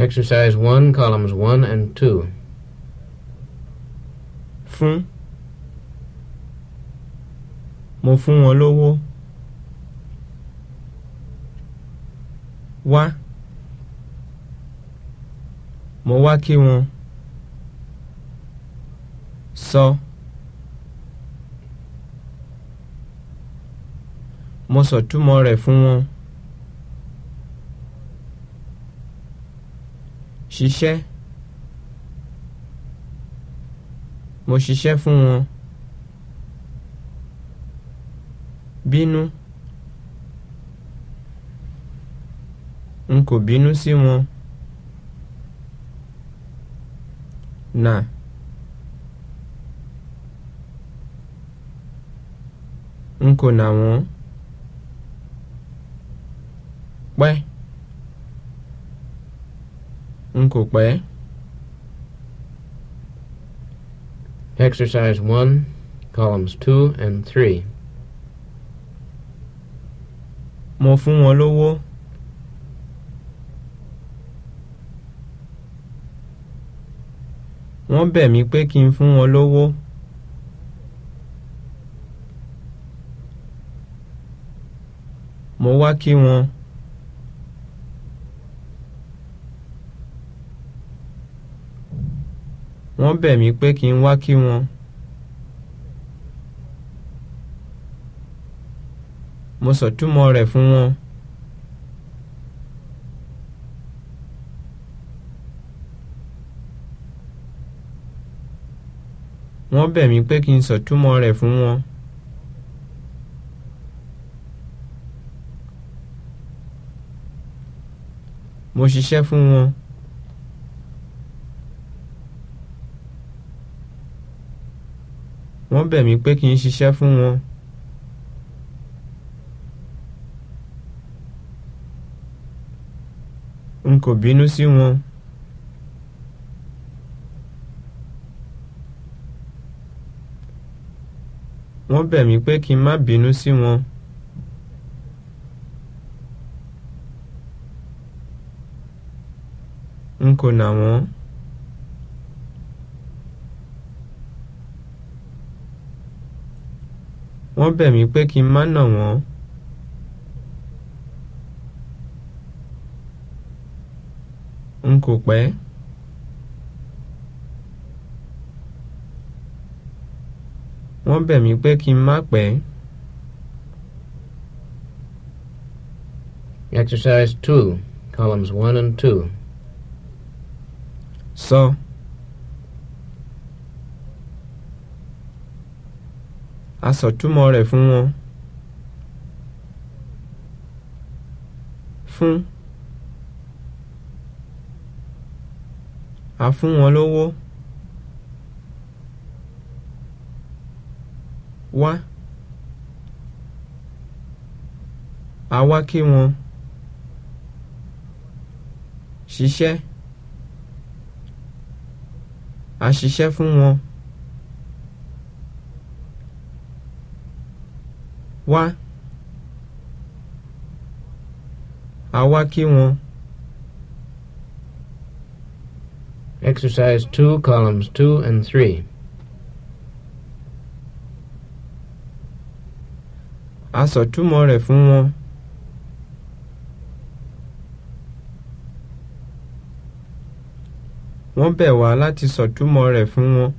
Exercise 1, columns 1 and 2. Fún. Mo fún wọn lówó. Wá. Mo wá kí wọn. Sọ. Mo sọ̀túmọ̀ rẹ̀ fún wọn. ṣiṣẹ́ mo ṣiṣẹ́ fún wọn bínú n kò bínú sí wọn nà n kò nà wọ́n pẹ́ n kò pẹ́. Exercise one, columns two and three. Mo fún wọn lówó. Wọ́n bẹ̀ mí pé kí n fún wọn lówó. Mo wá kí wọn. wọ́n bẹ̀ mí pé kí n wá kí wọn. mo sọ̀túmọ̀ rẹ̀ fún wọn. wọ́n bẹ̀ mí pé kí n sọ̀túmọ̀ rẹ̀ fún wọn. mo ṣiṣẹ́ fún wọn. wọ́n bẹ̀ mí pé kí n ṣiṣẹ́ fún wọn. n kò bínú sí wọn. wọ́n bẹ̀ mí pé kí n má bínú sí wọn. n kò nà wọ́n. Wọ́n bẹ̀ mí pé kí n má nà wọ́n. N kò pẹ́. Wọ́n bẹ̀ mí pé kí n má pẹ́. Exercise two, columns one and two. So, a sọ̀túnmọ̀ rẹ̀ fún wọn. fún a fún wọn lówó. wá a wá kí wọn. ṣiṣẹ́ a ṣiṣẹ́ fún wọn. wá a wá kí wọn. Exercise two columns two and three. A sọ túmọ̀ rẹ̀ fún wọn. Wọ́n bẹ̀ wá láti sọ túmọ̀ rẹ̀ fún wọn.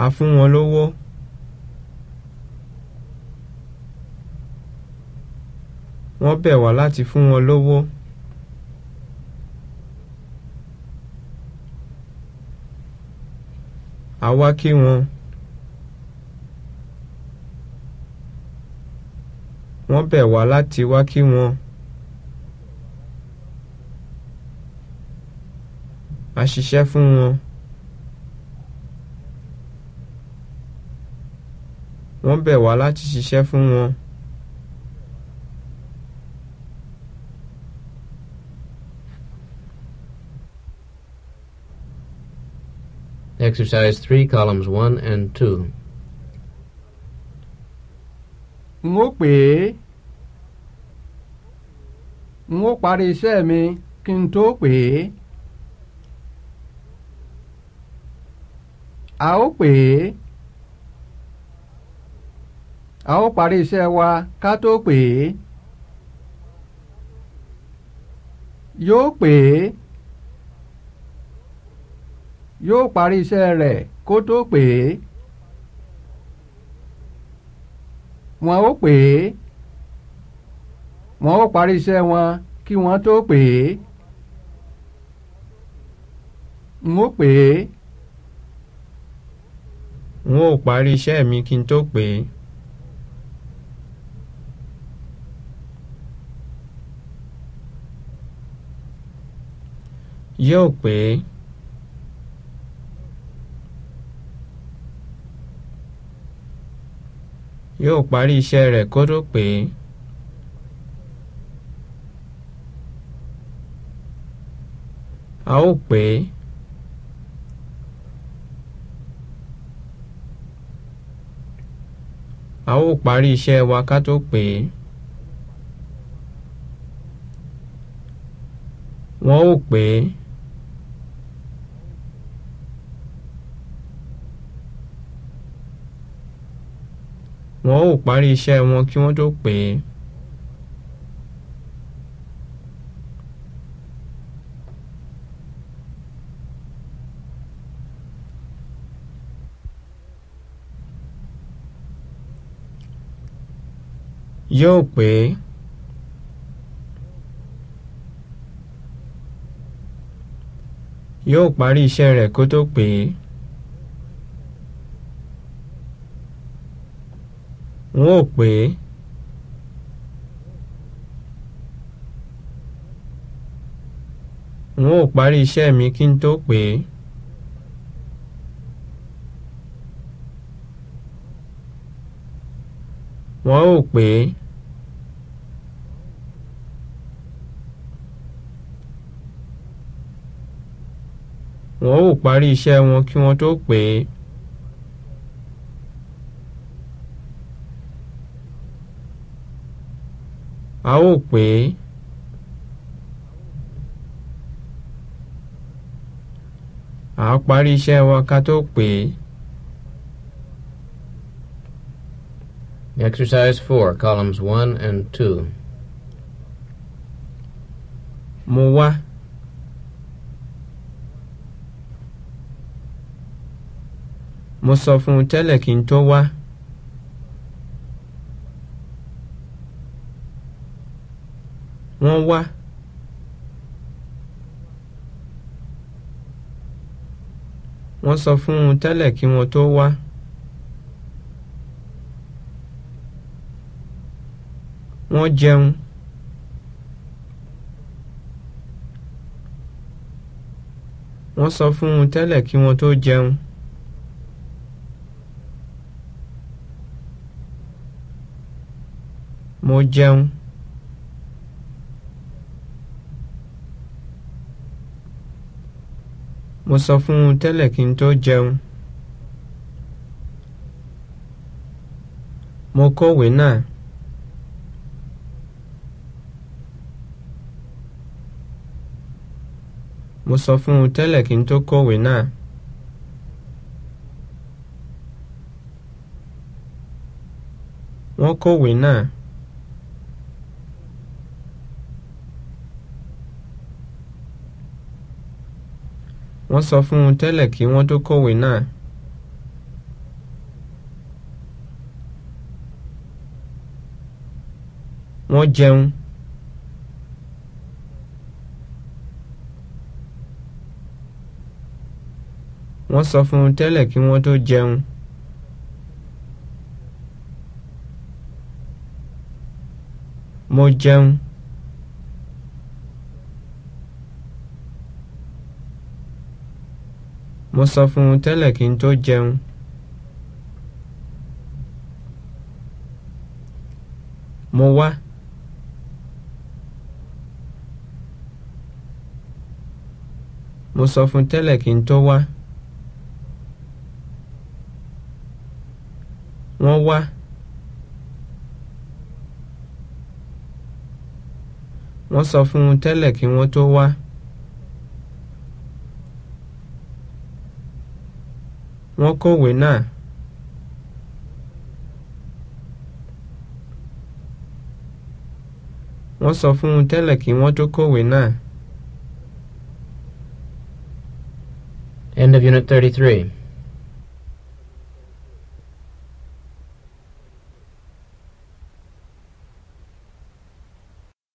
a fún wọn lówó wọ́n bẹ̀ wá láti fún wọn lówó. a wá kí wọn. wọ́n bẹ̀ wá láti wá kí wọn. a ṣiṣẹ́ fún wọn. wọ́n bẹ̀ wá láti ṣiṣẹ́ fún wọn. Exercise three columns one and two. N ó pè é. N ó parí iṣẹ́ mi kí n tó pè é. A ó pè é a ó parí iṣẹ́ wa ká tó pè é yóò pè é yóò parí iṣẹ́ rẹ̀ kó tó pè é wọn ó pè é wọn ó parí iṣẹ́ wọn kí wọ́n tó pè é n ó pè é. n ó parí iṣẹ́ mi kí n tó pè é. yóò pé yóò parí iṣẹ́ rẹ̀ kó tó pé a ó pé a ó parí iṣẹ́ wa ká tó pé wọ́n ó pé. wọn ò parí iṣẹ́ wọn kí wọ́n tó pè é. yóò pé yóò parí iṣẹ́ rẹ̀ kó tó pè é. n ó pè é. n ó parí iṣẹ́ mi kí n tó pè é. wọ́n ó pè é. wọ́n ó parí iṣẹ́ wọn kí wọ́n tó pè é. a ó pè é à parí iṣẹ́ wa ká tó pè é. Exercise four, columns one and two. Mo wá. Mo sọ fún un tẹ́lẹ̀ kí n tó wá. wọ́n wá wọ́n sọ fún un tẹ́lẹ̀ kí wọ́n tó wá. wọ́n jẹun. wọ́n sọ fún un tẹ́lẹ̀ kí wọ́n tó jẹun. mo jẹun. mo sọ fún un tẹ́lẹ̀ kí n tó jẹun. mo kọ̀wé náà. mo sọ fún un tẹ́lẹ̀ kí n tó kọ̀wé náà. wọ́n kọ̀wé náà. wọ́n sọ fún un tẹ́lẹ̀ kí wọ́n tó kọ̀wé náà. wọ́n jẹun. wọ́n sọ fún un tẹ́lẹ̀ kí wọ́n tó jẹun. mo jẹun. Mo sọ fún un tẹ́lẹ̀ kí n tó jẹun. Mo wá. Mo sọ fún un tẹ́lẹ̀ kí n tó wá. Wọ́n wá. Wọ́n sọ fún un tẹ́lẹ̀ kí wọ́n tó wá. Wọ́n kọ̀wé náà wọ́n sọ fún un tẹ́lẹ̀ kí wọ́n tó kọ̀wé náà. End of Unit 33.